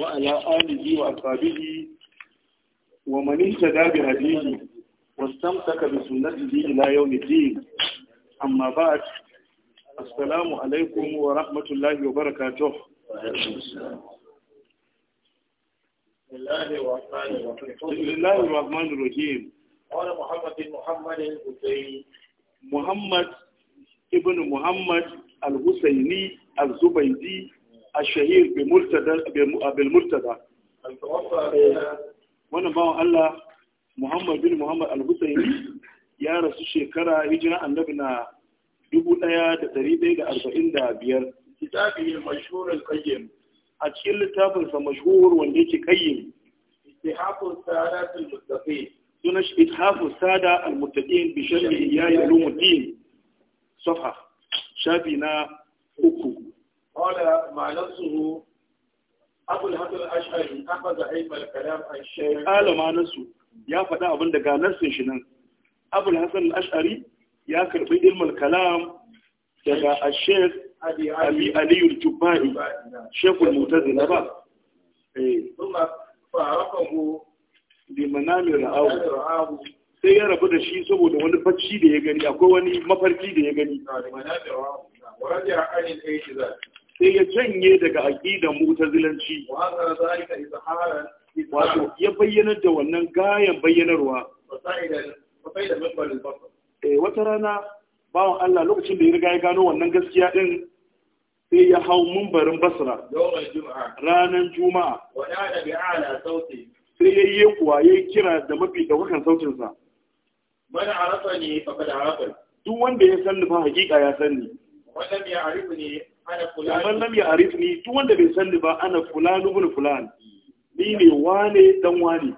وعلى آله وأصحابه ومن اهتدى بهديه واستمسك بسنته إلى يوم الدين أما بعد السلام عليكم ورحمة الله وبركاته بسم الله الرحمن الرحيم قال محمد محمد الحسين محمد ابن محمد الحسيني الزبيدي الشهير بمرتدى بالمرتدى وانا ما قال محمد بن محمد الحسيني يا رسول شكرا هجرة النبينا دبو لايا تريد إلى أربعين دابير كتابه المشهور القيم أتشيل الكتاب المشهور ونديك قيم إتحاف السادة المتقين دونش إتحاف السادة المتقين بشأن إياه يلوم الدين صفحة شابنا أكو قال ما نفسه أبو الحسن الأشعري أخذ علم الكلام عن الشيخ قال ما نفسه يا فتاة أبن دقاء نفسه شنان أبو الحسن الأشعري يا كربي علم الكلام دقا الشيخ أبي علي الجبائي شيخ المتزل ثم فعرفه لمنام ra'awu sai ya rabu da shi saboda wani bacci da ya gani akwai wani mafarki da ya gani sai ya janye daga aƙidan mu ta zilanci. wato ya bayyana da wannan gayan bayyanarwa eh wata rana bawan Allah lokacin da ya riga ya gano wannan gaskiya din sai ya hau mumbarin basra ranar juma'a sai ya yi kuwa ya kira da mafi ɗaukakan sautinsa mana arafa ne da arafa duk wanda ya san ba hakika ya san ni. wannan ya arifu ne Kamar lam ya arif ni duk wanda bai sanni ba ana fulan ibn fulan ni ne wane dan wane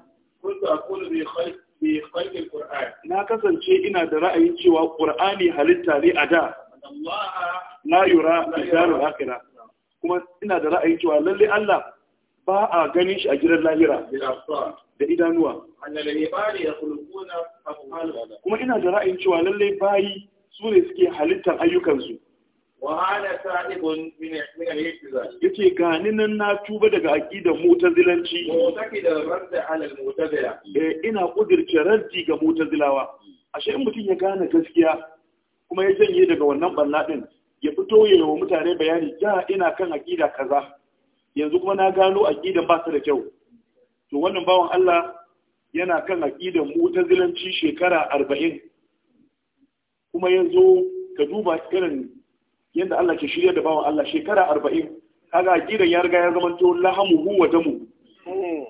na kasance ina da ra'ayin cewa qur'ani halitta ne a da la yura bidarul akira. kuma ina da ra'ayin cewa lalle Allah ba a ganin shi a gidan lahira da idanuwa kuma ina da ra'ayin cewa lalle bayi su ne suke halittar ayyukansu yace ga ni nan na tuba daga aqidar mu'tazilanci eh ina kudirce raddi ga mu'tazilawa ashe in mutum ya gane gaskiya kuma ya janye daga wannan banna ya fito ya yi wa mutane bayani ja ina kan aqida kaza yanzu kuma na gano aqidan ba ta da kyau to wannan bawan Allah yana kan aqidan mu'tazilanci shekara 40 kuma yanzu ka duba irin yadda Allah ke shirya da bawan Allah shekara arba'in kaga gidan ya riga ya zamanto hu wa damu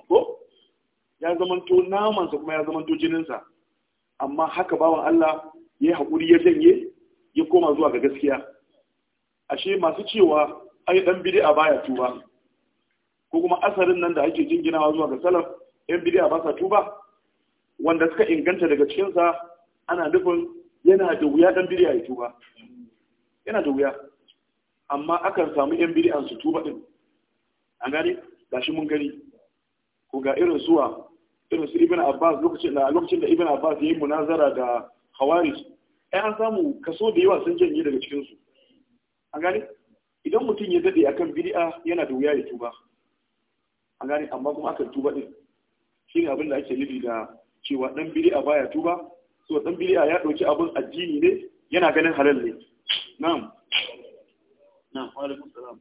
ko ya zamanto namansa kuma ya zamanto sa. amma haka bawan Allah ya yi haƙuri ya janye ya koma zuwa ga gaskiya ashe masu cewa ai dan bid'a baya tuba ko kuma asarin nan da ake jinginawa zuwa ga salaf yan bid'a ba sa tuba wanda suka inganta daga cikin sa ana nufin yana da wuya dan bid'a ya tuba yana da wuya amma akan samu yan bid'an su tuba din an gane shi mun gani ko ga irin suwa irin su ibn abbas lokacin da lokacin da ibn abbas yi munazara da khawarij ai an samu kaso da yawa sun janye daga cikin su an gani idan mutum ya dade akan bid'a yana da wuya ya tuba an gani amma kuma akan tuba din Shi ne abin da ake nufi da cewa dan bid'a baya tuba so dan bid'a ya dauki abin addini ne yana ganin halal ne نعم نعم وعليكم السلام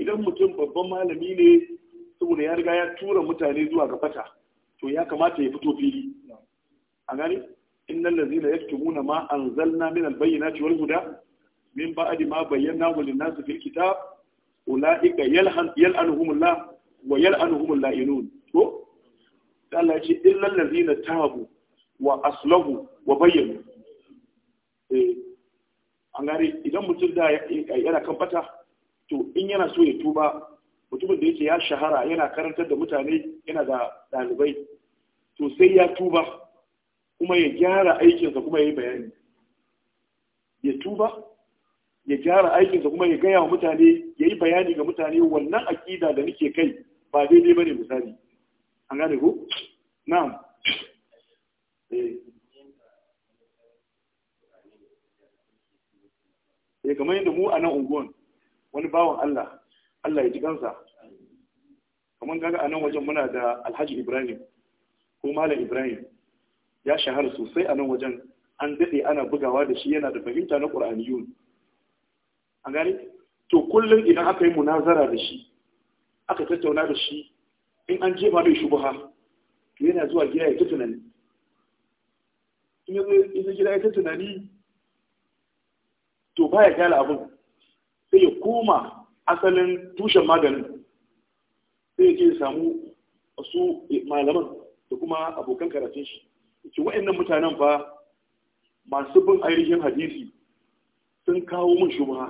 idan mutum babban malami ne saboda ya riga ya tura mutane zuwa ga fata to ya kamata ya fito fili a gani innal ladzina yaktumuna ma anzalna min albayyinati wal huda min ba'di ma bayyanahu lin-nas fil kitab ulaika yal'anuhumullah wa yal'anuhumul la'inun to Allah ya ce illal ta tabu wa aslahu wa bayyana. Eh, an gane idan mutum da yana kan bata to in yana so ya tuba mutumin da yake ya shahara yana karantar da mutane yana da ɗalibai to sai ya tuba kuma ya gyara aikinsa kuma ya yi bayani ya tuba ya gyara aikinsa kuma ya gaya wa mutane ya yi bayani ga mutane wannan aƙida da nake kai ba daidai ba ne misali an gane ku na'am eh. eh kamar yadda mu a nan unguwan wani bawan Allah Allah ya ji kansa kamar kaga a nan wajen muna da Alhaji Ibrahim ko Malam Ibrahim ya shahara sosai a nan wajen an dade ana bugawa da shi yana da fahimta na ƙur'aniyun A gani, to kullum idan aka yi munazara da shi aka tattauna da shi in an jefa mai shubha to yana zuwa gida ya ta tunani in ya gida ya ta tunani to baya kyala abin sai ya koma asalin tushen maganin sai ya ce ya samu su malaman da kuma abokan karatun shi ce wa'annan mutanen fa masu bin ainihin hadisi sun kawo min shubha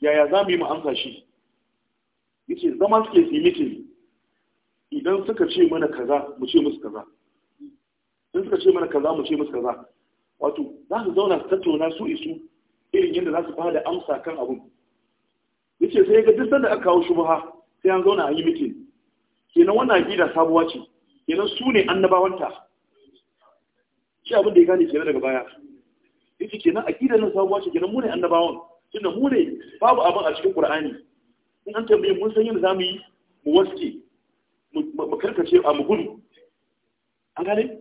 yaya za mu yi ma'amsa shi ya ce zama suke su idan suka ce mana kaza mu ce musu kaza idan suka ce mana kaza mu ce musu kaza wato za su zauna su tattauna su isu irin yadda za su ba da amsa kan abin yace sai ga duk sanda aka kawo shubha sai an zauna a yi miki kenan wannan aqida sabuwa ce kenan su ne annabawanta shi abin da ya gane kenan daga baya yace kenan aqida nan sabuwa ce kenan mu ne annabawan tunda mu ne babu abin a cikin qur'ani in an tambaye mun san yadda zamu yi mu waske mu karkace a mu gudu an gane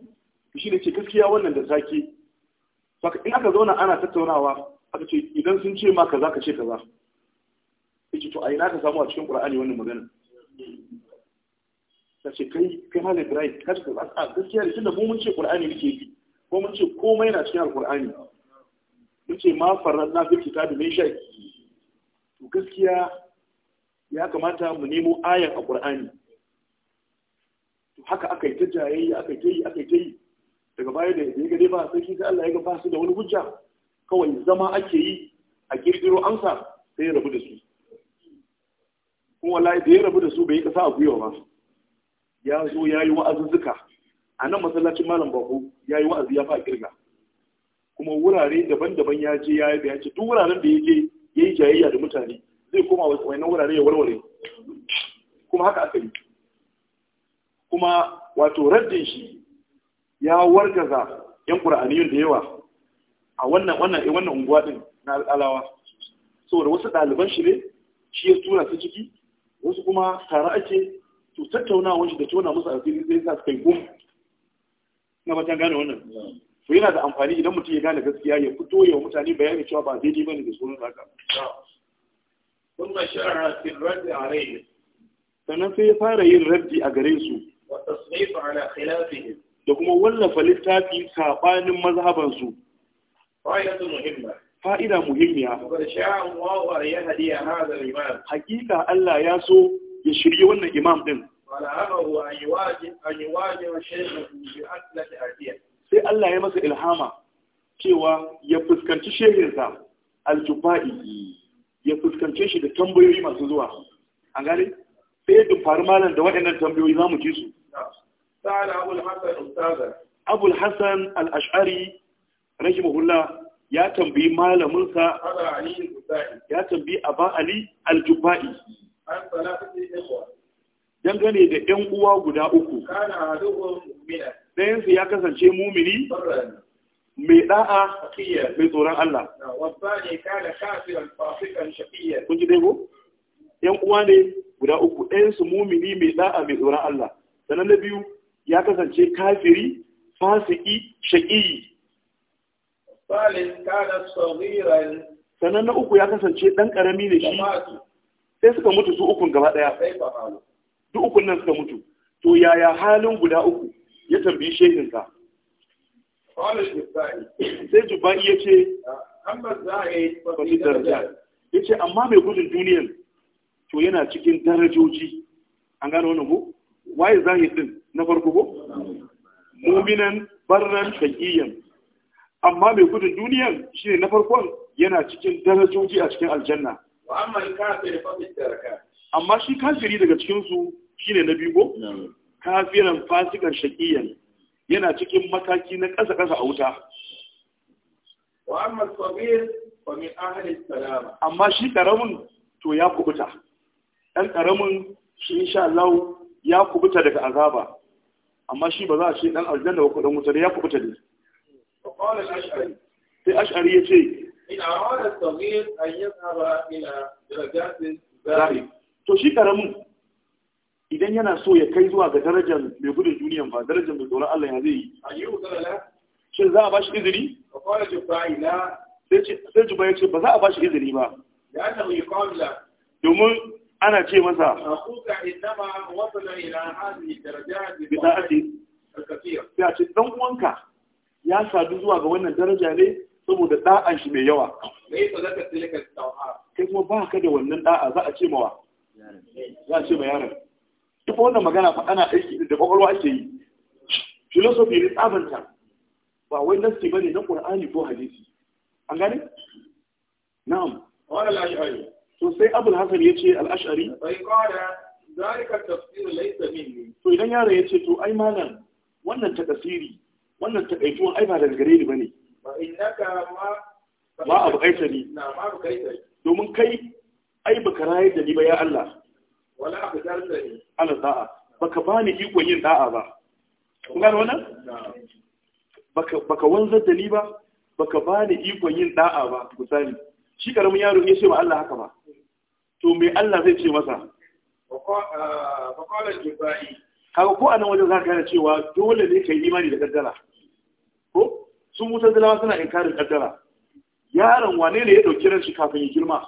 shi ne ce gaskiya wannan da zaki in aka zauna ana tattaunawa aka ce idan sun ce ma kaza ka ce kaza yace to a ina ka samu a cikin qur'ani wannan magana ta ce kai kai ma ibrahim ka ce kaza a gaskiya ne tunda mu mun ce qur'ani muke bi ko mun ce komai na cikin alqur'ani mun ce ma farradna ta da mai shay to gaskiya ya kamata mu nemo ayan a to haka aka yi ta jayayya aka yi ta yi aka yi ta yi daga baya da ya ga dai ba sai kika Allah ya ga ba su da wani hujja kawai zama ake yi a kirkiro amsa sai ya rabu da su kuma wallahi da ya rabu da su bai yi kasa a gwiwa ba ya zo ya yi zuka a nan masallacin malam bako ya yi wa'azi ya fa kirga kuma wurare daban-daban ya je ya yi da ya ce duk wuraren da ya je ya yi jayayya da mutane zai koma wani wurare ya warware kuma haka aka yi kuma wato raddin shi ya wargaza yan ƙura'aniyun da yawa a wannan wannan eh, wannan unguwa din na alawa saboda wasu ɗaliban shi ne shi ya tura su ciki wasu kuma tare ake to tattaunawa shi da tona musu asiri zai sa su kai gum na ba gane wannan to yana da amfani idan mutum ya gane gaskiya ya fito ya mutane bayani cewa ba daidai bane da sunan haka sun ma shara fil alayhi sannan sai ya fara yin raddi a gare su wa tasnifu ala khilafihim da kuma wallafa littafi sabanin mazhabansu fa'idatu muhimma fa'ida muhimmiya hakika Allah ya so ya shirye wannan imam din sai Allah ya masa ilhama cewa ya fuskanci shehinsa aljubai ya fuskance shi da tambayoyi masu zuwa an gane sai ya faru malam da waɗannan tambayoyi za mu ji su abul hassan al-ash'ari rahimahullah ya tambayi sa ya tambayi aba ali aljubai dangane da yan uwa guda uku ɗayansu ya kasance mumini mai da'a mai tsoron Allah kun ji dai ko yan uwa ne guda uku ɗayansu mumini mai da'a mai tsoron Allah sannan na biyu ya kasance kafiri fasiki shaƙiyi sannan na uku ya kasance ɗan ƙarami ne shi sai suka mutu su ukun gaba ɗaya duk ukun nan suka mutu to yaya halin guda uku ya tambayi ka. sai jubai ya ce ya ce amma mai gudun duniyan to yana cikin darajoji an gano wani waye zahid din na farko ko muminan barran shakiyan amma mai gudun duniyar shi ne na farkon yana cikin darajoji a cikin aljanna amma shi kafiri daga cikinsu shi ne na bigo kafiran fasikan shakiyan yana cikin mataki na ƙasa-ƙasa a wuta amma shi ƙaramin to ya kubuta ɗan ƙaramin shi insha Allah ya kubuta daga azaba amma shi ba za a ce ɗan aljanna ba kuɗin wuta ya kubuta ne sai ash'ari ya ce to shi karamin idan yana so ya kai zuwa ga darajar mai gudun duniyan ba darajar mai tsoron Allah ya zai yi shin za a ba shi izini sai juba ya ce ba za a ba shi izini ba domin ana ce masa bisa ake sai a ce 'dan uwanka ya sadu zuwa ga wannan daraja ne saboda da'an shi mai yawa kai kuma ba ka da wannan da'a za a ce mawa za a ce ma yaron duk wannan magana fa ana aiki da kwakwalwa ake yi filosofi ne tsabanta ba wai ba ne na qur'ani ko hadisi an gane na'am Wani al'ashari. Sosai to sai abul ce al'ashari. Sai ashari bai qala zalika tafsir laysa minni to idan yaro ce to ai malam wannan tasiri wannan takaituwan ai ba daga gare ni bane ba a ma ma abu kaita ni na domin kai ai baka rayar da ni ba ya Allah wala abu da ni ala da'a baka bani ikon yin da'a ba kun gano wannan baka baka wanzar da ni ba baka bani ikon yin da'a ba ku misali shi karamin yaro ya ce ma Allah haka ba to me Allah zai ce masa Ba wa qala ah, jibai kaga ko anan wajen za ka gane cewa dole ne ka yi imani da kaddara ko sun wutar dalawa suna inkarin kaddara yaron wane ne ya ɗauki ran shi kafin ya girma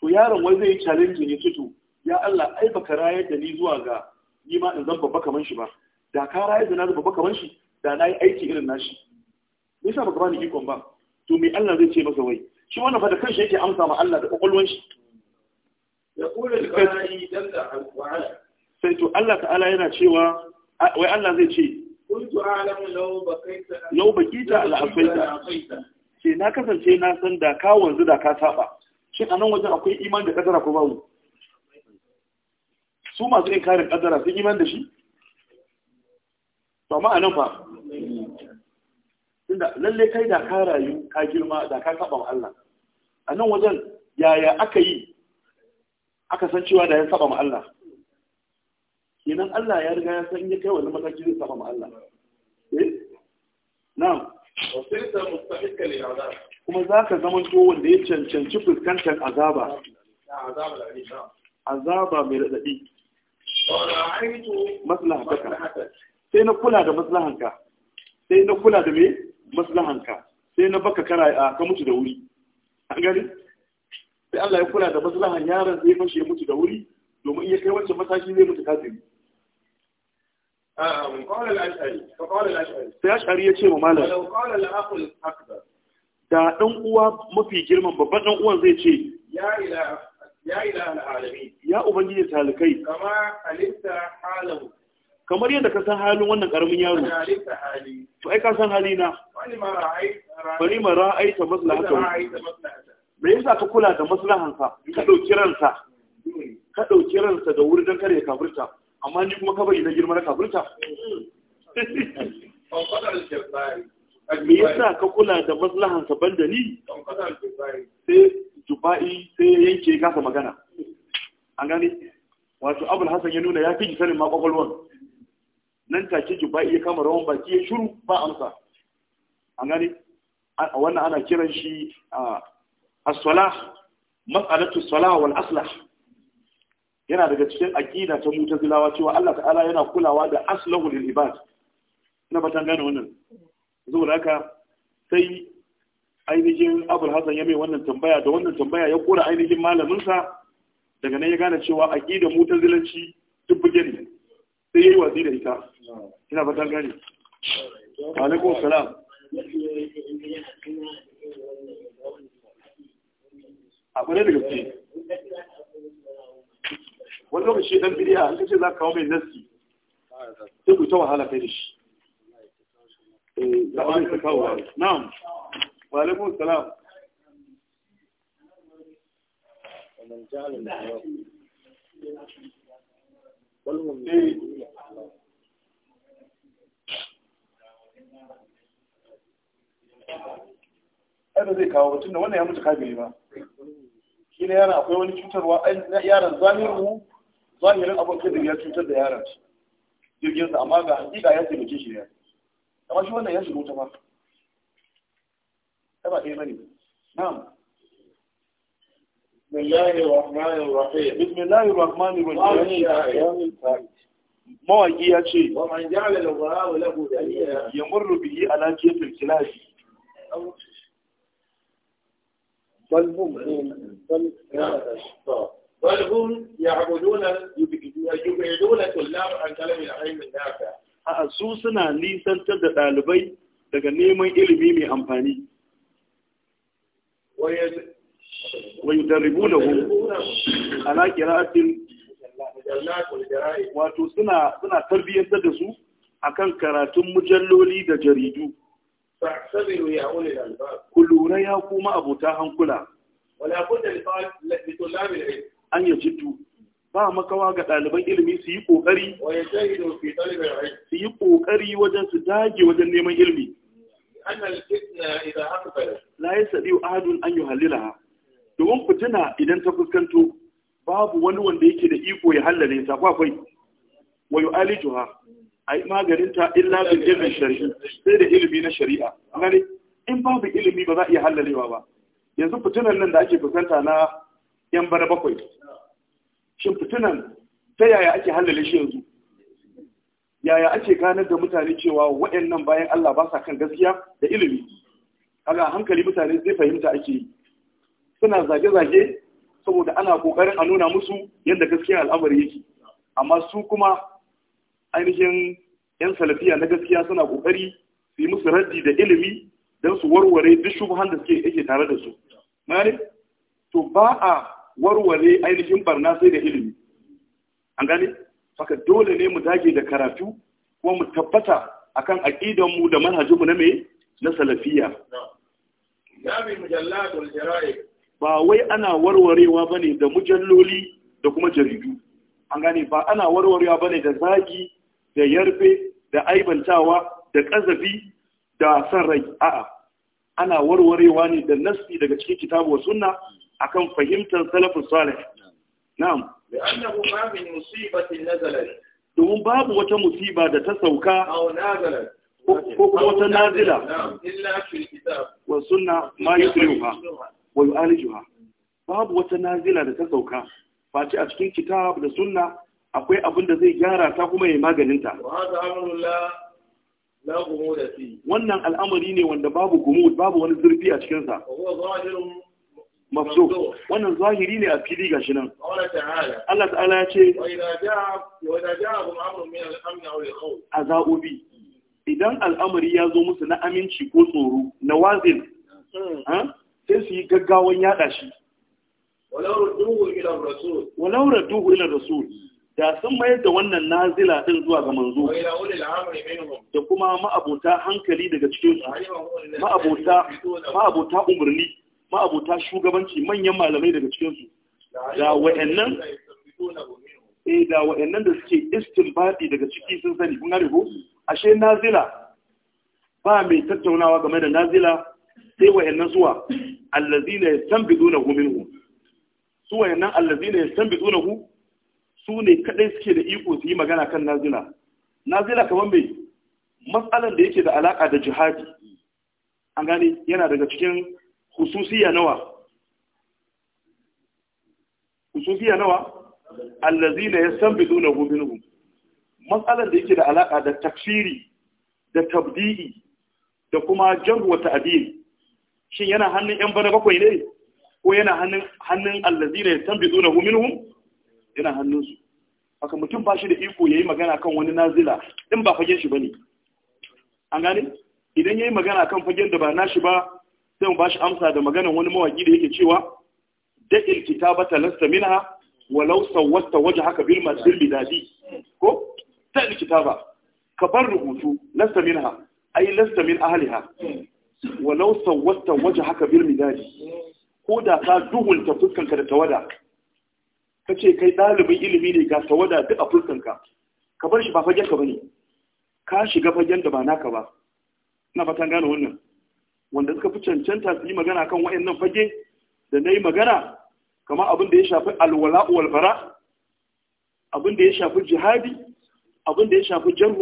to yaron wai zai yi challenge ne fito ya Allah ai baka rayar da ni zuwa ga ni ma in zan babba kaman shi ba da ka rayar da na babba kaman shi da na yi aiki irin nashi me yasa baka bani ikon ba to me Allah zai ce masa wai shi wannan fa da kanshi yake amsa ma Allah da kokolwan shi ya kula da kai dan da alqur'ani sai to Allah ta'ala yana cewa wai Allah zai ce kuntu a'lamu law baqaita law baqita ce na kasance na san da ka wanzu da ka saba shin anan wajen akwai iman da kadara ko babu su masu inkarin kadara sun iman da shi to amma anan fa tunda lalle kai da ka rayu ka girma da ka saba Allah anan wajen yaya aka yi aka san cewa da ya saba Allah kenan Allah ya riga ya san ya kai wani mataki zai saba ma Allah eh na'am wasirta mustahiqa lil azab kuma zaka zaman to wanda ya cancanci fuskantar azaba azaba mai radadi Maslahanka, sai na kula da maslahanka sai na kula da me maslahanka sai na baka kara a ka mutu da wuri an gani sai Allah ya kula da maslahan yaron sai fashe mutu da wuri domin iya kai wancan mataki zai mutu kafin. sai ashari ya ce wa malam da ɗan uwa mafi girman babban ɗan uwan zai ce ya ubangiji talikai kamar yadda ka san halin wannan ƙaramin yaro to ai ka san hali na bari ma aita maslahata me yasa ka kula da maslahansa ka ɗauki ransa ka ɗauki ransa da wuri don kare kafirta amma ni kuma kabari na girma na kafirta me yasa ka kula da maslahan saban da ni sai jufa'i sai ya yanke kasa magana an gane wato abul hasan ya nuna ya fi sanin ma kwakwalwan nan take jufa'i ya kama rawan baki ya shiru ba amsa an gane a wannan ana kiran shi a as-salah mas'alatu as-salah wal aslah yana daga cikin aqida ta mutazilawa cewa Allah ta'ala yana kulawa da aslahu lil ibad ina batan gane wannan zuwa haka sai ainihin Abul Hasan ya mai wannan tambaya da wannan tambaya ya kora ainihin malamin sa daga nan ya gane cewa aqida mutazilanci duk buge ne sai yayi wazi da ita ina batan gane wa alaikum salam a kwarai da gaske wani lokaci dan bidiya an kace za ka kawo mai nasi sai ku ta wahala kai da shi eh da wani ka kawo na'am wa alaikum salam Wannan eh. da Ai zai kawo tunda wannan ya mutu kafiri ba. Shi ne yaron akwai wani cutarwa yaron mu. zahirin abin kadir ya cutar da yaran shi jirgin sa amma ga hakika ya taimake shi ya amma shi wannan ya shiga wuta ba ta ba ɗaya mani na'am بسم الله الرحمن الرحيم بسم الله الرحمن الرحيم mawaki ya ce ya murru biyi ala jefin kilashi balbun bal hum ya'buduna yubiduna tullab an kalam al-ilm a su suna nisantar da ɗalibai daga neman ilimi mai amfani wa yudarribunahu ala qira'atin wato suna tarbiyyantar da su akan karatun mujalloli da jaridu ku lura ya kuma abota hankula an ya jiddu ba makawa ga ɗaliban ilimi su yi ƙoƙari su yi ƙoƙari wajen su dage wajen neman ilimi la yi saɗi adun an yi halila domin fitina idan ta fuskanto babu wani wanda yake da iko ya hallare ta kwakwai wa yi ha a yi maganinta illa bin ilimin shari'a sai da ilimi na shari'a gani in babu ilimi ba za a iya hallalewa ba yanzu fitinan nan da ake fuskanta na yan bara bakwai shin fitunan ta yaya ake hallale shi yanzu yaya ake ganar da mutane cewa waɗannan bayan Allah ba sa kan gaskiya da ilimi kaga hankali mutane zai fahimta ake yi suna zage-zage saboda ana kokarin a nuna musu yadda gaskiya al'amari yake amma su kuma ainihin 'yan salafiya na gaskiya suna kokari su yi musu raddi da ilimi don su warware duk shubuhan da suke yake tare da su to ba a warware ainihin barna sai da ilimi an gani faka dole ne mu dage da karatu kuma mu tabbata akan aqidan mu da manhajin mu na me na salafiya ba wai ana warwarewa bane da mujalloli da kuma jaridu an gane ba ana warwarewa bane da zagi da yarbe da aibantawa da kazafi da san rai a'a ana warwarewa ne da nassi daga cikin kitabu wa sunna akan fahimtar salafus salih na'am li'annahu ma min musibatin nazalat domin babu wata musiba da ta sauka aw nazalat ko kuma wata nazila illa fil kitab wa sunna ma yusrifuha wa yu'alijuha babu wata nazila da ta sauka face a cikin kitab da sunna akwai abin da zai gyara ta kuma ya maganin ta wannan al'amari ne wanda babu gumud babu wani zurfi a cikinsa mafzo wannan zahiri ne a fili gashi nan Allah ta'ala ya ce a za'ubi idan al'amari ya zo musu na aminci ko tsoro na wazin hmm. sai su yi gaggawan yada shi walau radduhu ila rasul da sun mayar da wannan nazila din zuwa ga manzo da kuma ma'abota hankali daga cikin ma'abota ma'abota umarni ma'abuta shugabanci manyan malamai daga cikinsu da wa'annan eh da wa'annan da suke istinbadi daga ciki sun sani kun gane ko ashe nazila ba mai tattaunawa game da nazila sai wa'annan zuwa allazina hu minhu su wa'annan allazina hu su ne kadai suke da iko su yi magana kan nazila nazila kaman mai matsalan da yake da alaka da jihadi an gane yana daga cikin hususiya nawa hususiya nawa allazina yastanbiduna minhum matsalan da yake da alaka da tafsiri, da tabdi'i da kuma jarhu wa ta'dil shin yana hannun yan bana bakwai ne ko yana hannun hannun allazina yastanbiduna minhum yana hannun su haka mutum ba shi da iko yayi magana kan wani nazila din ba fagen shi bane an gane idan yayi magana kan fagen da ba nashi ba sai mu bashi amsa da maganan wani mawaki da yake cewa da'il kitabata lasta minha walau sawwata wajhaka bil masjid bidadi ko da'il kitaba ka bar rubutu lasta minha ai lasta min ahliha walau sawwata haka bil midadi ko da ka duhunta fuskanka da tawada Ka ce kai dalibin ilimi ne ga tawada duk a fuskanka ka bar shi ba fagen ka bane ka shiga fagen da ba naka ba ina fatan gane wannan wanda suka fi cancanta su yi magana kan nan fage da na yi magana kama abin da ya shafi alwala walbara abin da ya shafi jihadi abin da ya shafi jarh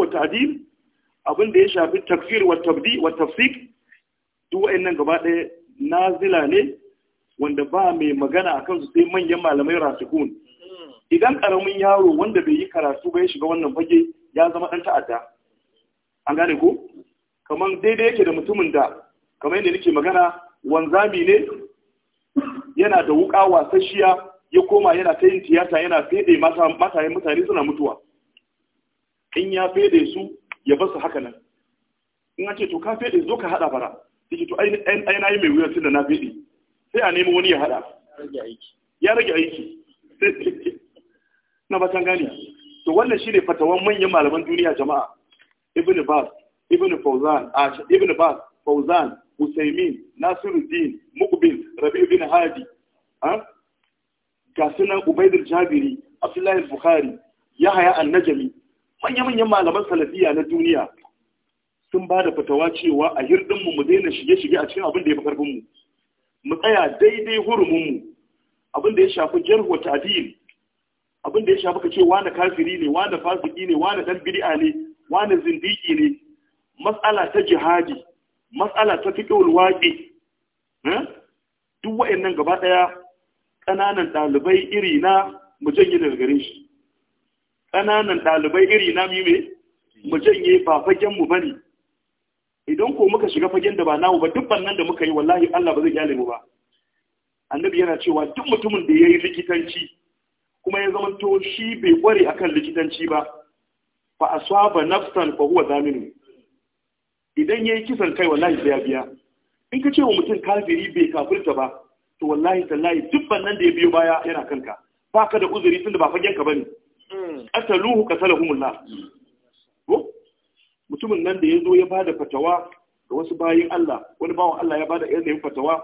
abin da ya shafi takfir wa tabdi wa tafsik duk wayannan gaba ɗaya nazila ne wanda ba mai magana a kansu sai manyan malamai rasikun idan karamin yaro wanda bai yi karatu ba ya shiga wannan fage ya zama ɗan ta'adda an gane ko kamar daidai yake da mutumin da kamar yadda nake magana wanzami ne yana da wuka wasashiya ya koma yana ta yin tiyata yana fede matayen mutane suna mutuwa in ya fede su ya basu haka nan in an ce to ka fede zo ka hada fara sai to ai na yi mai wuyar tunda na fede sai a nemi wani ya hada ya rage aiki na batan gani to wannan shine fatawan manyan malaman duniya jama'a ibn bas ibn fawzan ibn bas fawzan Usaimin, Nasiruddin, Mukbil, Rabi bin Hadi, ga sunan Ubaidul Jabiri, Abdullahi Bukhari, Yahaya Annajami, manya-manyan malaman salafiya na duniya sun ba da fatawa cewa a hirdin mu daina shige-shige a cikin abin da ya fi karfinmu. Mu tsaya daidai mu, abin da ya shafi jarwa ta'adil, abin da ya shafi ka ce wani kafiri ne, wani fasiki ne, wani dan bid'a ne, wani zindiki ne, matsala ta jihadi, matsala ta fitowar waƙe eh? duk nan gaba ɗaya ƙananan ɗalibai iri na mu janye daga gare shi ƙananan ɗalibai iri na mime mu janye ba fagen mu bane idan ko muka shiga fagen da ba namu ba duk nan da muka yi wallahi Allah ba zai kyale mu ba annabi yana cewa duk mutumin da ya yi likitanci kuma ya zama to shi bai kware akan likitanci ba fa asaba nafsan fa huwa zaminu idan ya yi kisan kai wallahi sai ya biya in ka ce wa mutum kafiri bai kafirta ba to wallahi tallahi duk nan da ya biyo baya yana kanka ba ka da uzuri da ba fagen ka ba ne. bane hmm. qataluhu qatalahumullah ko mutumin nan da ya zo ya bada fatawa ga wasu bayin Allah wani bawan Allah ya bada irin fatawa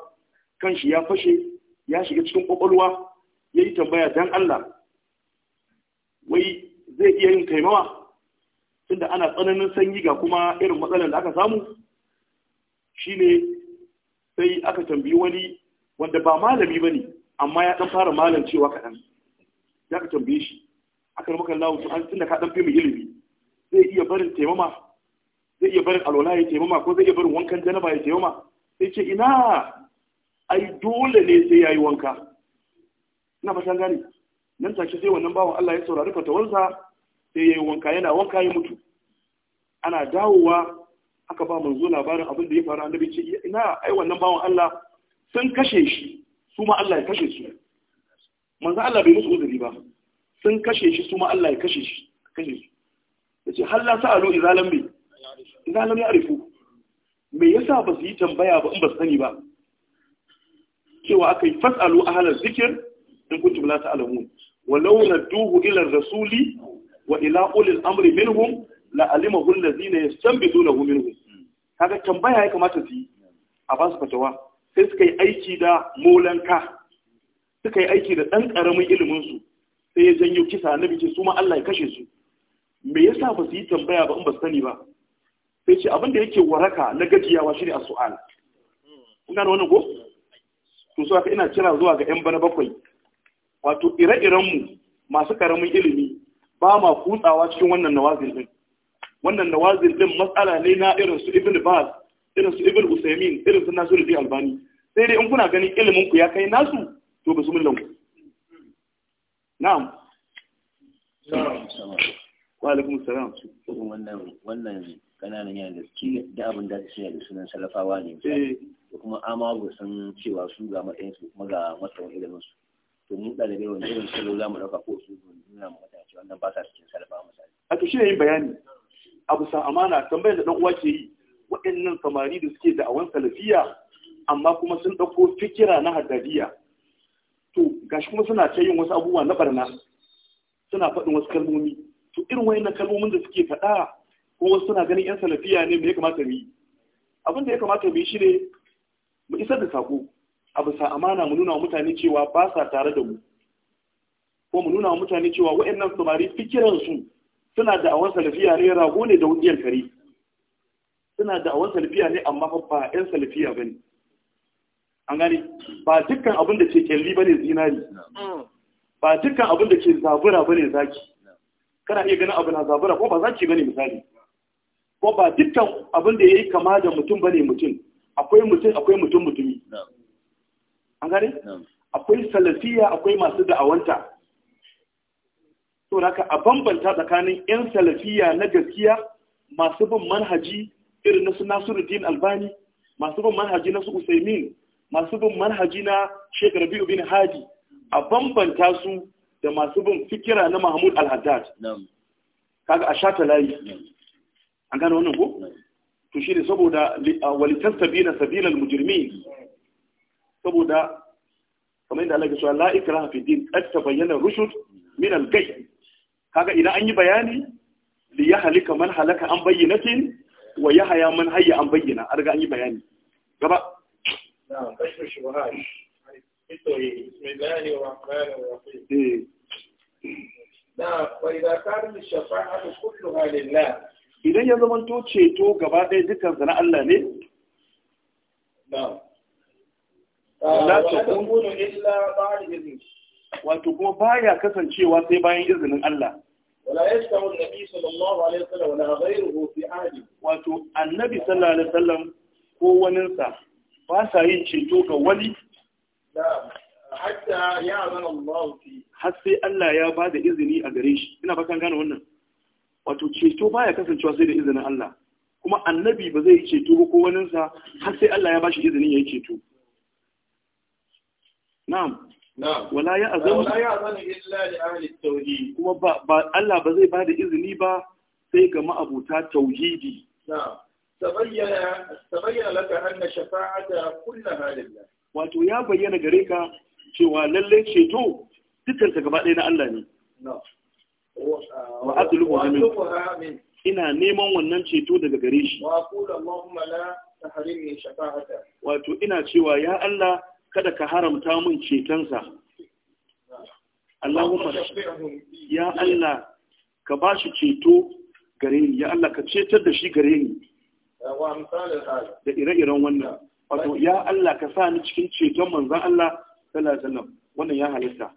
kan shi ya fashe ya shiga cikin kwakwalwa ya yi tambaya dan Allah wai zai iya yin kaimawa tunda ana tsananin sanyi ga kuma irin matsalar da aka samu shine sai aka tambayi wani wanda ba malami ba ne amma ya ɗan fara malam cewa kaɗan ya ka tambaye shi aka maka lawo su an tunda ka ɗan fi mu ilimi zai iya barin taimama zai iya barin alola ya taimama ko zai iya barin wankan janaba ya taimama sai ce ina ai dole ne sai yayi wanka ina fatan gane nan take sai wannan bawan Allah ya saurari fatawarsa sai ya yi wanka yana wanka ya mutu ana dawowa aka ba manzo labarin abin da ya faru annabi ce ina ai wannan bawan Allah sun kashe shi su ma Allah ya kashe su manzo Allah bai musu uzuri ba sun kashe shi su ma Allah ya kashe shi kashe su yace hal la sa'alu idza lam bi idza lam ya'rifu me yasa ba su yi tambaya ba in ba su sani ba cewa akai fasalu ahlal zikr in kuntum la ta'lamun walau nadduhu ila rasuli wa ila ulil amri minhum la alimahu allazina yastanbidunahu minhum kaga tambaya ya kamata su yi a basu fatawa sai suka yi aiki da molanka suka yi aiki da ɗan ƙaramin iliminsu sai ya janyo kisa na bikin su ma Allah ya kashe su me yasa ba su yi tambaya ba in ba sani ba sai ce abin da yake waraka na gajiyawa shine as Kuna da wannan ko to ka ina kira zuwa ga yan bana bakwai wato ire-iren mu masu ƙaramin ilimi ba ma kutsawa cikin wannan nawazil din wannan nawazil din matsala ne na irin su ibn baz irin su ibn usaymin irin su nasiru di albani sai dai in kuna ganin ilimin ku ya kai nasu to ba su mun lanku na'am wa alaikum salam wannan wannan kananan yana da ki da abin da su da sunan salafawa ne eh. da kuma ba san cewa su ga matsayin su kuma ga matsayin ilimin su to mu ɗalibai wani irin salo za mu ɗauka ko su nuna mu mutane ce wannan ba sa cikin salafa misali. a to shi ne yin bayani abu sa amana tambayar da ɗan uwa ke yi waɗannan samari da suke da awan salafiya amma kuma sun ɗauko fikira na haddadiya to gashi kuma suna ta yin wasu abubuwa na barna suna faɗin wasu kalmomi to irin wayannan kalmomin da suke faɗa ko wasu suna ganin yan salafiya ne me ya kamata mu yi abin da ya kamata mu yi shi ne mu isar da sako a bisa amana mu nuna wa mutane cewa ba sa tare da mu ko mu nuna wa mutane cewa waɗannan samari fikiransu suna da awon salafiya ne rago ne da wudiyar kare suna da awon salafiya ne amma ba 'yan salafiya ba ne an gani ba dukkan abin da ke kyalli ba ne zinari ba dukkan abin da ke zabura ba ne zaki kana iya ganin abin na zabura ko ba zaki ba ne misali ko ba dukkan abin da ya yi kama da mutum ba ne mutum akwai mutum akwai mutum mutum an gane akwai salafiya akwai masu da'awanta to haka a bambanta tsakanin yan salafiya na gaskiya masu bin manhaji irin na su Nasiruddin Albani masu bin manhaji na su Usaimin masu bin manhaji na Sheikh Rabi'u bin Hadi a bambanta su da masu bin fikira na Mahmud Al-Haddad kaga a shata layi an gane wannan ko to shi ne saboda walitastabina sabilan mujrimin saboda kamar yadda Allah ya cewa la ikraha fi din qad tabayyana rushd min al-gay kaga idan an yi bayani li yahlika man halaka an bayyinatin wa yahya man hayya an bayyana an riga an yi bayani gaba na'am bashi shuhara bismillahir rahmanir rahim eh. na'am wa idza kana ash-shafa'atu kulluha lillah idan ya zamanto ceto gaba ɗaya dukkan sana Allah ne wato kuma ba ya kasancewa sai bayan izinin Allah wala yastawu annabi sallallahu alaihi wasallam wala ghayruhu fi ahli wato annabi sallallahu alaihi wasallam ko waninsa ba sa yin ceto ga wani hatta Allah har sai Allah ya ba da izini a gare shi ina bakan gane wannan wato ceto ba ya kasancewa sai da izinin Allah kuma annabi ba zai yi ceto ko waninsa har sai Allah ya ba shi izini ya yi ceto na'am wala ya azanu wala ya azanu illa li ahli tauhid kuma ba Allah ba zai bada izini ba sai ga ma'abuta tauhidi na'am tabayyana tabayyana laka anna shafa'ata kullaha lillah wato ya bayyana gare ka cewa lalle ceto dukkan ta gaba ɗaya na Allah ne wa uh, atlubu amin ina neman wannan ceto daga gare shi wato ina cewa ya Allah kada ka haramta mun cetonsa Allahumma ya Allah ka ba shi ceto gare ni ya Allah ka cetar da shi gare ni da ire-iren wannan wato ya Allah ka sa ni cikin ceton manzon Allah sallallahu alaihi wasallam wannan ya halitta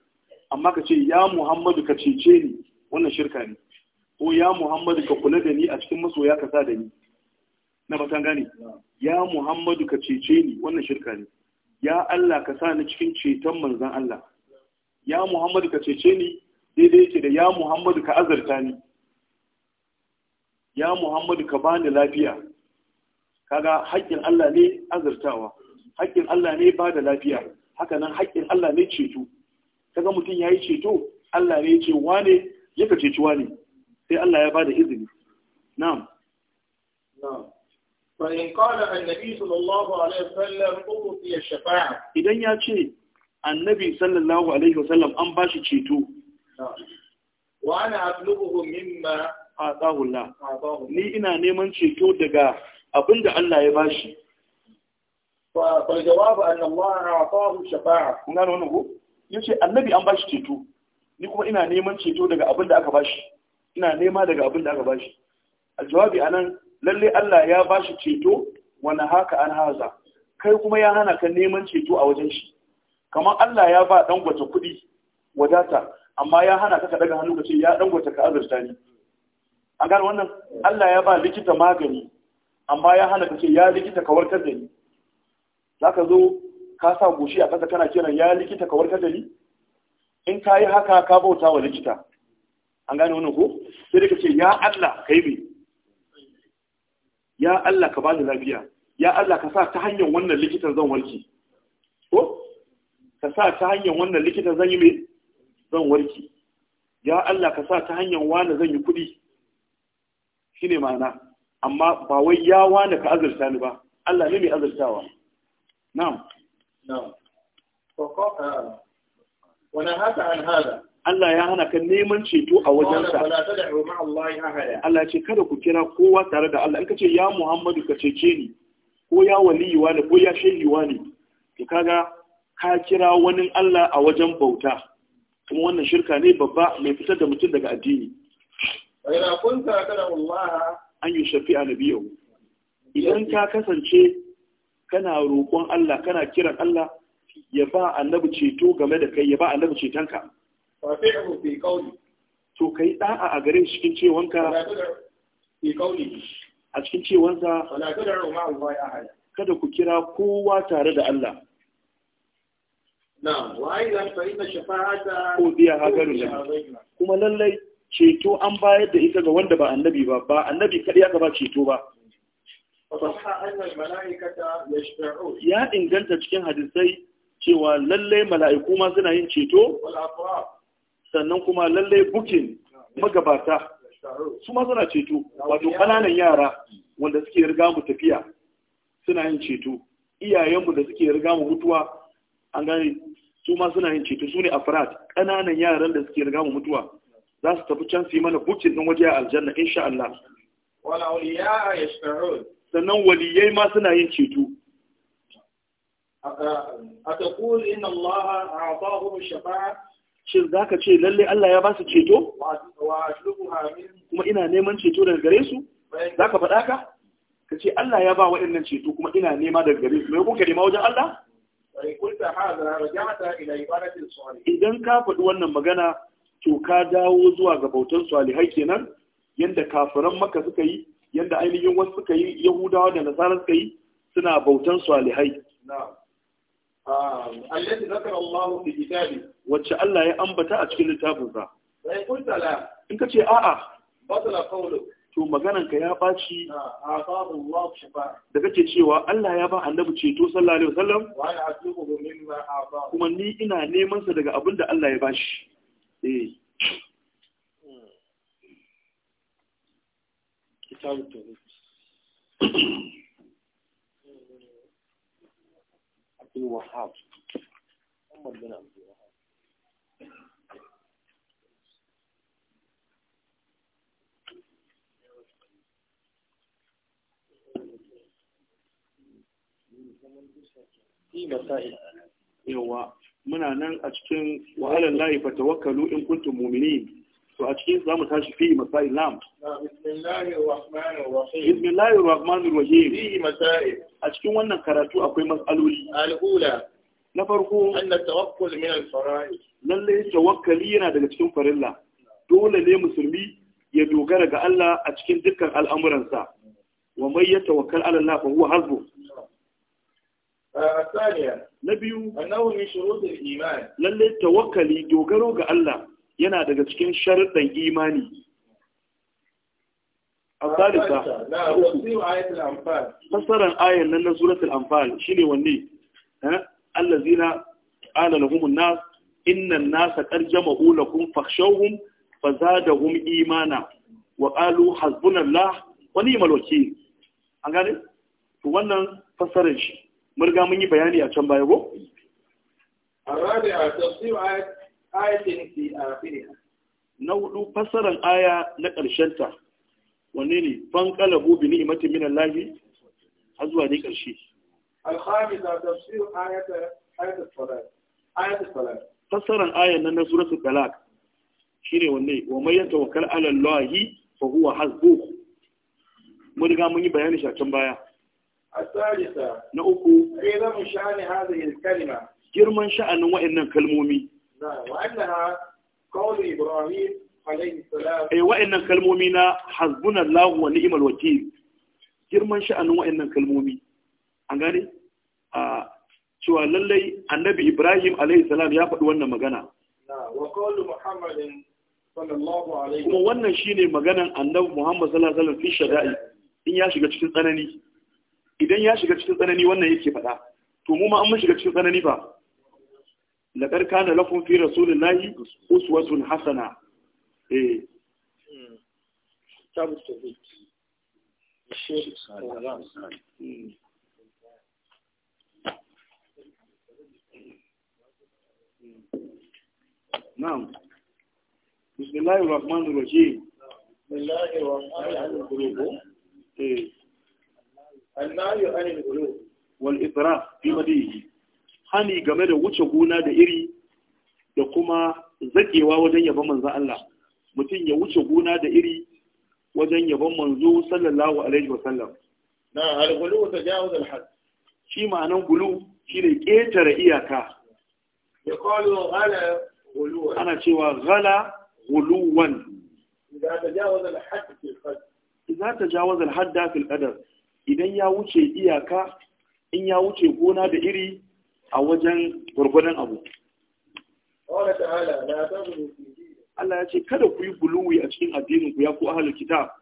amma ka ce ya Muhammadu ka cece ni wannan shirka ne ko ya Muhammadu ka kula da ni a cikin masoya ka sa da ni na batan gane ya Muhammadu ka cece ni wannan shirka ne ya Allah ka sa ni cikin ceton manzan Allah ya Muhammadu ka cece ni daidai yake da ya Muhammadu ka azarta ni ya Muhammadu ka bani lafiya kaga haƙƙin Allah ne azartawa haƙƙin Allah ne bada lafiya haka nan haƙƙin Allah ne ceto kaga mutum yayi ceto Allah ne ya ce wane yaka ceci wane sai Allah ya ba da izini na'am na'am فإن قال النبي annabi sallallahu alaihi وسلم أعطي الشفاعة إذا يا شيء النبي صلى الله عليه وسلم أن باشي ni ina neman ceto daga abin da Allah ya bashi fa jawab anna Allah a'tahu shafa'a kun gano wannan ko ce annabi an ba shi ceto ni kuma ina neman ceto daga abin da aka bashi ina nema daga abin da aka bashi aljawabi anan lalle Allah ya ba shi ceto wani haka an haza kai kuma ya hana ka neman ceto a wajen shi kamar Allah ya ba dan gwata kuɗi wadata amma ya hana ka daga hannu ka ce ya dan gwata ka azurta ni an gane wannan Allah ya ba likita magani amma ya hana ka ce ya likita ka warkar da ni zaka zo ka sa goshi a ƙasa kana kiran ya likita ka warkar da ni in ka yi haka ka bauta wa likita an gane wannan ko sai da ka ce ya Allah kai mai. ya Allah ka bani lafiya ya Allah ka sa ta hanyar wannan likitan zan warke ko ka sa ta hanyar wannan likitan zan yi me zan warki ya Allah ka sa ta hanyar wani zan yi kuɗi shine ma'ana amma ba wai ya wani ka azurta ni ba Allah ne mai azurtawa na'am na'am ah, wa haka an hada Allah ya hana ka neman ceto a wajensa. Allah ce kada ku kira kowa tare da Allah in ka ce ya Muhammadu ka cece ni ko ya yiwa ne ko ya shehiwa ne to kaga ka kira wani Allah a wajen bauta kuma wannan shirka ne babba mai fitar da mutum daga addini. an yi shafi a Idan ka kasance kana roƙon Allah kana kiran Allah ya ba annabi ceto game da kai ya ba annabi cetonka. to kai ɗa'a a gare cikin cewanka a cikin cewansa kada ku kira kowa tare da Allah Ko biya aidan fa kuma lallai ceto an bayar da ita ga wanda ba annabi ba ba annabi kadai aka ba ceto ba ya inganta cikin hadisai cewa lallai mala'iku ma suna yin ceto sannan kuma lallai bukin magabata su ma suna ceto wato ƙananan yara wanda suke riga mu tafiya suna yin ceto iyayenmu da suke riga mu mutuwa an gane su ma suna yin ceto su ne afrat ƙananan yaran da suke riga mu mutuwa za su tafi can su yi mana bukin ɗin waje a aljanna insha Allah sannan waliyai ma suna yin ceto a taqul inna Allah a'tahu shafa'a shin za ka ce lalle Allah ya ba su ceto kuma ina neman ceto daga gare su za ka faɗa ka ka ce Allah ya ba waɗannan ceto kuma ina nema daga gare su mai kuka nema wajen Allah idan ka faɗi wannan magana to ka dawo zuwa ga bautan salihai kenan yadda kafiran maka suka yi yadda ainihin wasu suka yi yahudawa da nasarar suka yi suna bautan salihai na'am allati zakara Allah fi kitabi wacce Allah ya ambata a cikin littafinsa sai kunta la in kace a'a batala qawlu to maganan ka ya baci da kake cewa Allah ya ba annabi ceto sallallahu alaihi wasallam kuma ni ina neman sa daga abin da Allah ya bashi eh kitabu Abdul Wahab yawa muna nan a cikin wahalar layi fa tawakkalu in kuntum mu'minin so a cikin za mu tashi fi masail lam bismillahir rahmanir rahim bismillahir rahmanir rahim fi masail a cikin wannan karatu akwai mas'aloli al'ula na farko anna tawakkul min al-fara'id lalle tawakkali yana daga cikin farilla dole ne musulmi ya dogara ga Allah a cikin dukkan al'amuransa wa mai ya tawakkal ala Allah fa huwa hasbu na biyu annahu min shurutil iman lalle tawakkali dogaro ga Allah yana daga cikin sharɗin imani al-salisa fasaran ayan nan na suratul anfal shine wanne Allah eh allazina qala lahum an-nas inna an-nasa tarjama ulakum da fazadahum imana wa qalu hasbuna allah wa ni'mal wakeel an gane to wannan fasaran shi mun ga mun yi bayani a can baya go arabi a tafsir ayat ayatin fi akhiriha na hudu fassarar aya na ƙarshen ta wanne ne fan qalabu bi ni'matin min Allah har zuwa dai ƙarshe al-khamisa tafsir ayata ayatul salat ayatul salat fassarar ayan nan na suratul talaq shine wanne wa may yatawakkal ala Allah fa huwa hasbuhu mun riga mun yi bayani shi a can baya الثالثة نأكو عظم شأن هذه الكلمة girman sha'anin wa'annan kalmomi Eh wa'annan kalmomi na hasbunallahu wa ni'mal wakil girman sha'anin wa'annan kalmomi an gane a cewa lallai annabi Ibrahim alaihi salam ya faɗi wannan magana kuma wannan shi ne maganan annabi Muhammad sallallahu alaihi wasallam fi shada'i in ya shiga cikin tsanani idan ya shiga cikin tsanani wannan yake faɗa to mu ma an mun shiga cikin tsanani ba لقد كان لكم في رسول الله أسوة حسنة إيه. كتاب نعم بسم الله الرحمن الرحيم بسم الله الرحمن الرحيم إيه. النهي عن القلوب والإطراف في مديه hani game da wuce gona da iri da kuma zakewa wajen yabon manzo Allah mutum ya wuce gona da iri wajen yabon manzo sallallahu alaihi wa sallam na al-ghulu tajawuz al had shi ma'anan gulu shine ketare iyaka ya qalu ghala guluwan ana cewa ghala guluwan idza tajawuz al had fi al-qadr idza tajawuz al had fi al-qadr idan ya wuce iyaka in ya wuce gona da iri a wajen gwargwadon abu Allah ya ce kada ku yi buluwi a cikin addinin ku ya ku ahlul kita,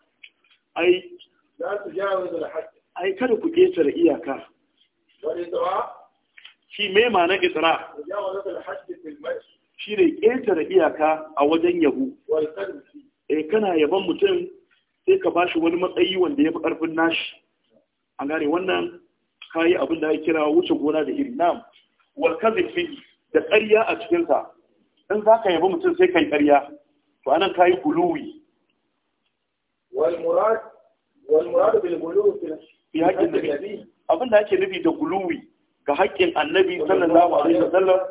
ai kada ku ƙetare iyaka shi me na isra shi ne ƙetare iyaka a wajen yahu e eh, kana yaban mutum sai ka bashi wani matsayi wanda ya fi ƙarfin nashi A gane wannan kayi abin da ya kira wuce gona da iri Na wal kadhib fi da ƙarya a cikin sa in zaka yabi mutum sai kai ƙarya to anan kayi guluwi wal murad wal murad bil guluwi fi haqqin nabi abin da ake nufi da guluwi ga haƙƙin annabi sallallahu alaihi wasallam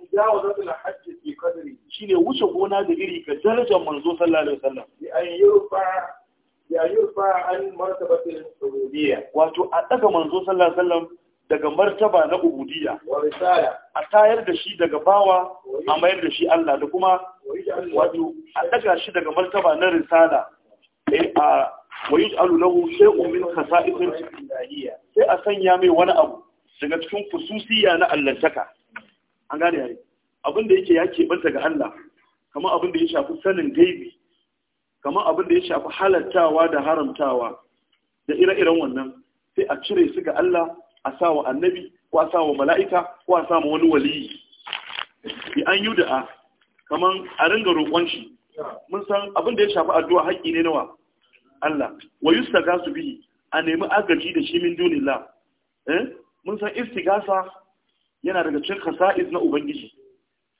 mujawazatu al-hajj fi qadri shine wuce gona da iri ga darajar manzo sallallahu alaihi wasallam an yurfa ya wato a daga manzo sallallahu daga martaba na ubudiya, a tayar da shi daga bawa a mayar da shi Allah da kuma wato a daga shi daga martaba na risala eh, a wayus alulahu shay'un min khasa'ifin sai a sanya mai wani abu daga cikin kususiya na allantaka an gane yayi abin da yake ya keɓanta ga Allah kamar abin da ya shafi sanin gaibi kamar abin da ya shafi halartawa da haramtawa da ire-iren wannan sai a cire su ga Allah a sa wa annabi ko a sa wa mala'ika ko a sa wa wani waliyi bi an yi da'a kamar a ringa roƙon shi mun san abin da ya shafi addu'a haƙƙi ne nawa Allah wa su bi a nemi agaji da shi min dunillah eh mun san istigasa yana daga cikin khasa'is na ubangiji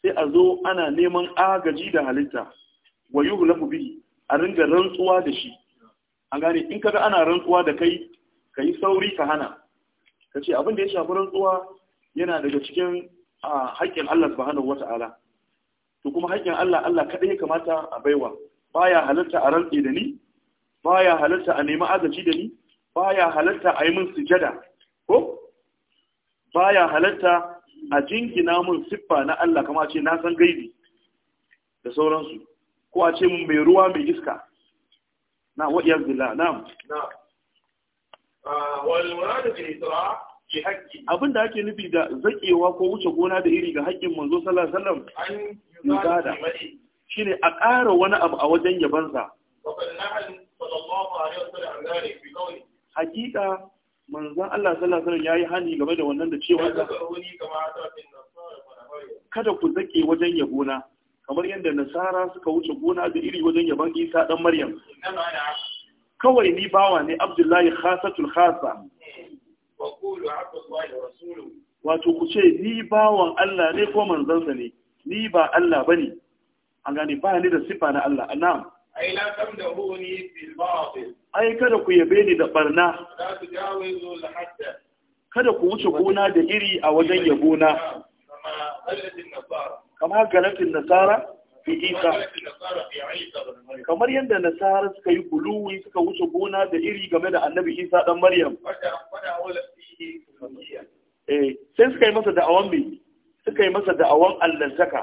sai a zo ana neman agaji da halitta wa yuhlamu bihi a ringa rantsuwa da shi an gane in kaga ana rantsuwa da kai ka yi sauri ka hana kace abin da ya shafi rantsuwa yana daga cikin haƙƙin Allah subhanahu wata'ala to kuma haƙƙin Allah Allah kaɗai ya kamata a baiwa baya halarta a rantse da ni baya halarta a nemi agaji da ni baya halarta a yi min sujada ko baya halarta a jinkina min siffa na Allah kamar ce na san gaibi da sauransu ko a ce mai ruwa mai iska na wa'iyar zila na abin da ake nufi da zaƙewa ko wuce gona da iri ga haƙƙin manzo sallallahu alaihi wasallam shine a ƙara wani abu a wajen yabansa hakika manzon Allah sallallahu alaihi ya yi hani game da wannan da cewa kada ku zake wajen yabona kamar yadda nasara suka wuce gona da iri wajen yaban isa dan maryam kawai ni bawa ne abdullahi khasatul khasa wato ku ce ni bawan Allah ne ko manzansa ne ni ba Allah ne an gane ba ni da sifa na Allah na'am ai ai kada ku yabe ni da barna kada ku wuce gona da iri a wajen yabona kama galatin nasara fi isa kamar yadda nasara suka yi buluwi suka wuce gona da iri game da annabi isa dan maryam eh, sai suka yi masa da'awan mai suka yi masa da'awan allantaka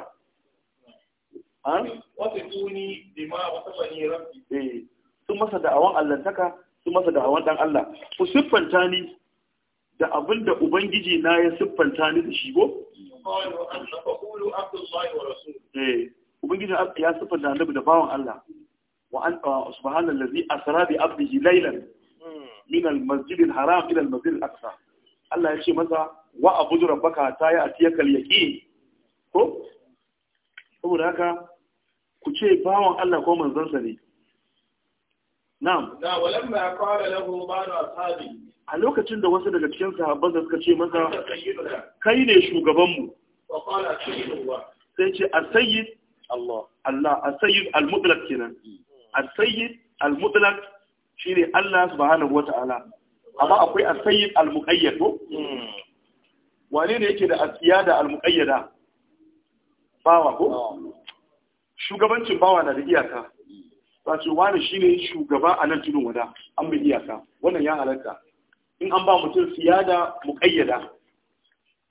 eh, sun masa da'awan allantaka sun masa da'awan dan Allah ku siffanta ni da abin da ubangiji na ya siffanta ni da shi ko? قالوا أن eh, ubangiji ya siffanta annabi da bawan Allah wa an subhana allazi asra bi abdihi laylan hmm. min al-masjid al-haram ila al-masjid Allah ya ce masa wa abudu rabbaka ta ya atiyaka al-yaqin ko saboda haka ku ce bawan Allah ko manzon ne na'am da walamma qala lahu ba'du ashabi a lokacin da wasu daga cikin sahabban da suka ce masa kai ne shugabanmu sai ce asayyid Allah Allah asayyid al-mutlaq kenan asayyid al-mutlaq shine Allah subhanahu wata'ala amma akwai asayyid al-muqayyad hmm. wane ne yake da asiyada al-muqayyada bawa ko shugabancin bawa na da iyaka hmm. ba ce wani shine shugaba a nan tudun wada an bi iyaka wannan ya halarta in an ba mutum siyada muƙayyada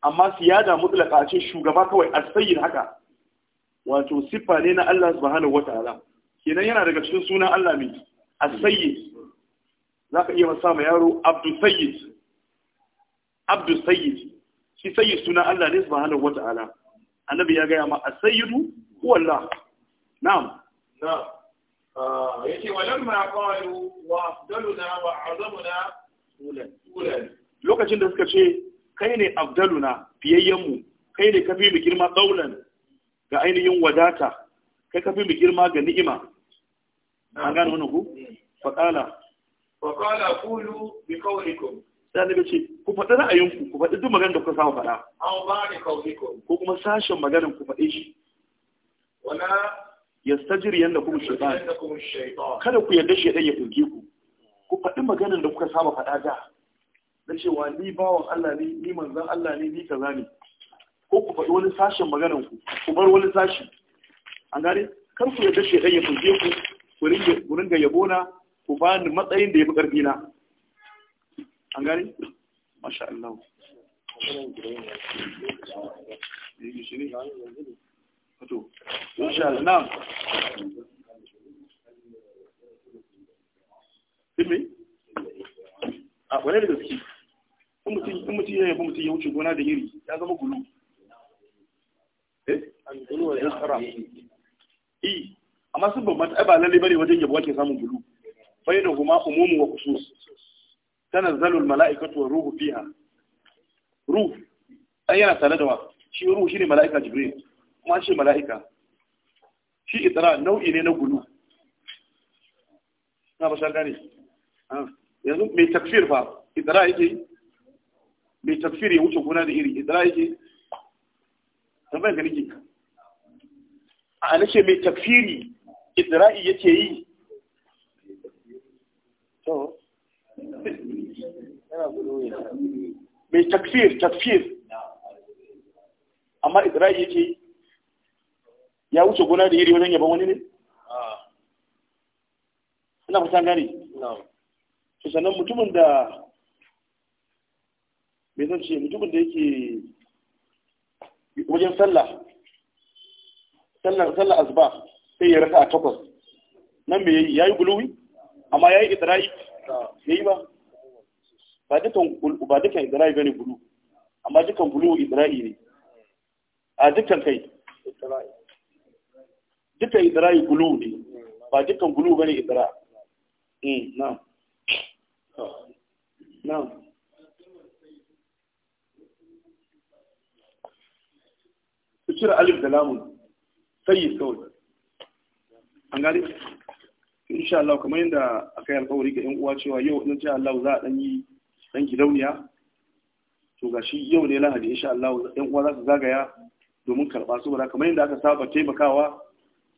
amma siyada mutlaka ce shugaba kawai a sayyid haka wato siffa ne na Allah subhanahu wataala kenan yana daga cikin sunan Allah ne as-sayyid zaka iya masa ma yaro Abdu sayyid Abdu sayyid shi sayyid sunan Allah ne subhanahu wataala annabi ya gaya ma as-sayyidu huwa Allah na'am na'am ah, yace walamma qalu wa afdaluna wa azamuna lokacin da suka ce kai ne abdaluna fiyayyenmu kai ne kafi mu girma daulan ga ainihin wadata kai kafi mu girma ga ni'ima an gane wani ku faƙala faƙala kulu bi qawlikum sai ce ku faɗi ra'ayinku ku faɗi duk maganar da kuka samu faɗa aw ba ni qawlikum ko kuma sashen maganar ku faɗi shi wala yastajri yanda kuma shaytan kada ku yarda shaytan ya ɗauke ku ku faɗi maganin da kuka saba faɗa da na cewa ni bawan Allah ne ni manzan Allah ne ni kaza ne ko ku faɗi wani sashen maganan ku ku bar wani sashi an gane kar ku yadda shekai ya fuje ku ku ringa yabo na ku ba ni matsayin da ya fi ƙarfi na an gane masha Allah wato insha Allah na'am dime a wane da gaske in mutum ya yabi mutum ya wuce gona da iri ya zama gulu eh e, amma sun bambanta ai ba lalle bane wajen yabo ake samun gulu bai da kuma umumu wa khusus tanazzalul mala'ikatu wa ruhu fiha ruh ai yana tare da wa shi ruhu shine mala'ika jibril kuma shi mala'ika shi itara nau'i ne na gulu na ba shan gane Ah, yanzu mai tafsir fa idara yake mai tafsir ya wuce gona da iri idara yake tambayar ga nake a nace mai tafsiri idra'i yake yi to mai tafsir tafsir amma idra'i yake ya wuce gona da iri wajen yaban wani ne ina fata gani. sannan mutumin da me zan ce mutumin da yake wajen sallah sallar sallar azba sai ya rasa a takwas nan me yayi yayi guluwi amma yayi idra'i yayi ba ba dukan ba dukan idra'i bane gulu amma dukan gulu idra'i ne a dukan kai dukan idra'i gulu ne ba dukan gulu bane idra'i eh na'am na'am su alif da lamun sayyid kawai an gani insha Allah kamar yadda aka yi alkawari ga 'yan uwa cewa yau in sha Allah za a ɗan yi ɗan gidauniya to ga shi yau ne lahadi insha Allah 'yan uwa za su zagaya domin karɓa saboda kamar yadda aka saba taimakawa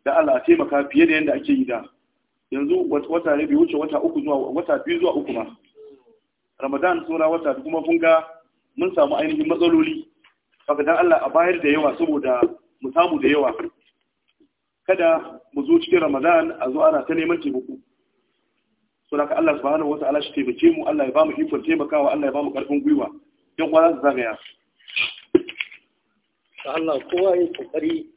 da Allah a taimaka fiye da yadda ake yi da yanzu wata ne bai wuce wata uku zuwa wata biyu zuwa uku ba ramadan sura wata kuma kun ga mun samu ainihin matsaloli kaga dan Allah a bayar da yawa saboda mu samu da yawa kada mu zo cikin ramadan a zo ana ta neman taimako so da Allah subhanahu wata'ala shi taimake mu Allah ya bamu ikon taimakawa Allah ya bamu karfin gwiwa yan kwa su zagaya Allah kowa ya kokari